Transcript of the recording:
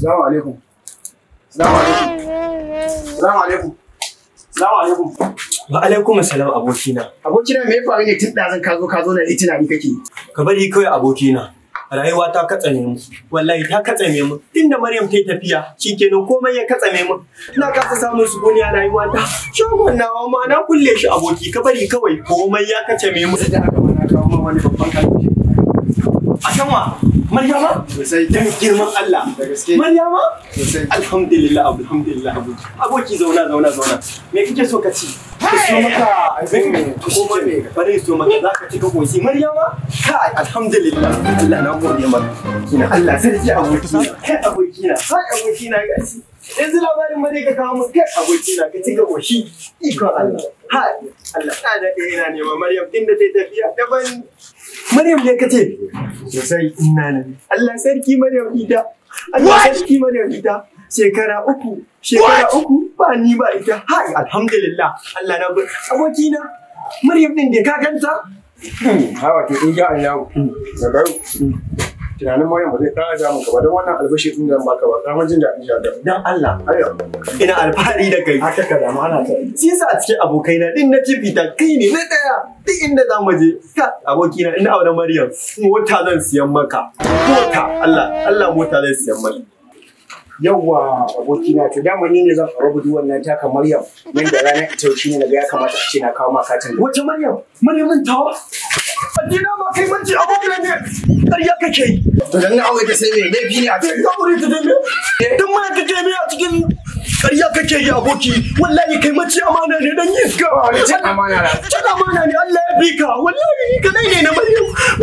Salamu alaikum. Salamu alaikum. abokina. Abokina me ya faru ne tun da kazo ka zo ka na itina ni kake. Ka bari kawai abokina. rayuwa ta katsame mu wallahi ta katsame mu tunda Maryam ta tafiya shikenan komai ya katsame mu ina kasa samun sukuni a rayuwa ta shagon nawa ma na kulle shi aboki ka bari kawai komai ya katsame mu da aka mana kawo ma wani babban kaji a sanwa Maryama sosai dan girman Allah Maryama alhamdulillah alhamdulillah aboki aboki zauna zauna zauna me kike so ka ci siyo maka abin za ka cika goshi maryama kai alhamdulillah Allah na gode maka kina Allah abokina kai abokina yanzu labarin ma ka kawo kai abokina ka cika ikon Allah Allah ta da yana nema Maryam da tafiya daban ne ka sosai inna ne Allah sarki Maryam ita Allah sarki Maryam ita shekara uku shekara uku ba ni ba ita hai alhamdulillah Allah na aboki na Maryam din da ka ganta ha wato in ga Allah da hmm, garu hmm, tunanin Maryam ba zai kara ja muka ba don wannan albashi din da baka ba kamar jin daɗin jaga dan Allah ina alfahari da kai haka ka dama ana ta shi yasa a cikin abokaina din na fifita kai ne na daya duk inda za mu je ka na, ina auren Maryam mota zan siyan maka mota Allah Allah mota zan siyan maka yawwa abokina to dama ni ne zan fara gudu wannan taka maryam nan da ranar ita shi ne daga ya kamata a ce na kawo maka tun wace maryam Maryam maryamin tawa addina ma kai banci abokin ne ƙarya kake yi to dan na aure ta sai me laifi ne a cikin aure ta dame eh, dan ma kake me a cikin ƙarya kake yi aboki wallahi kai mace amana ne dan iska cin amana ne cin amana ne Allah ya bi ka wallahi ka kadai ne na maryam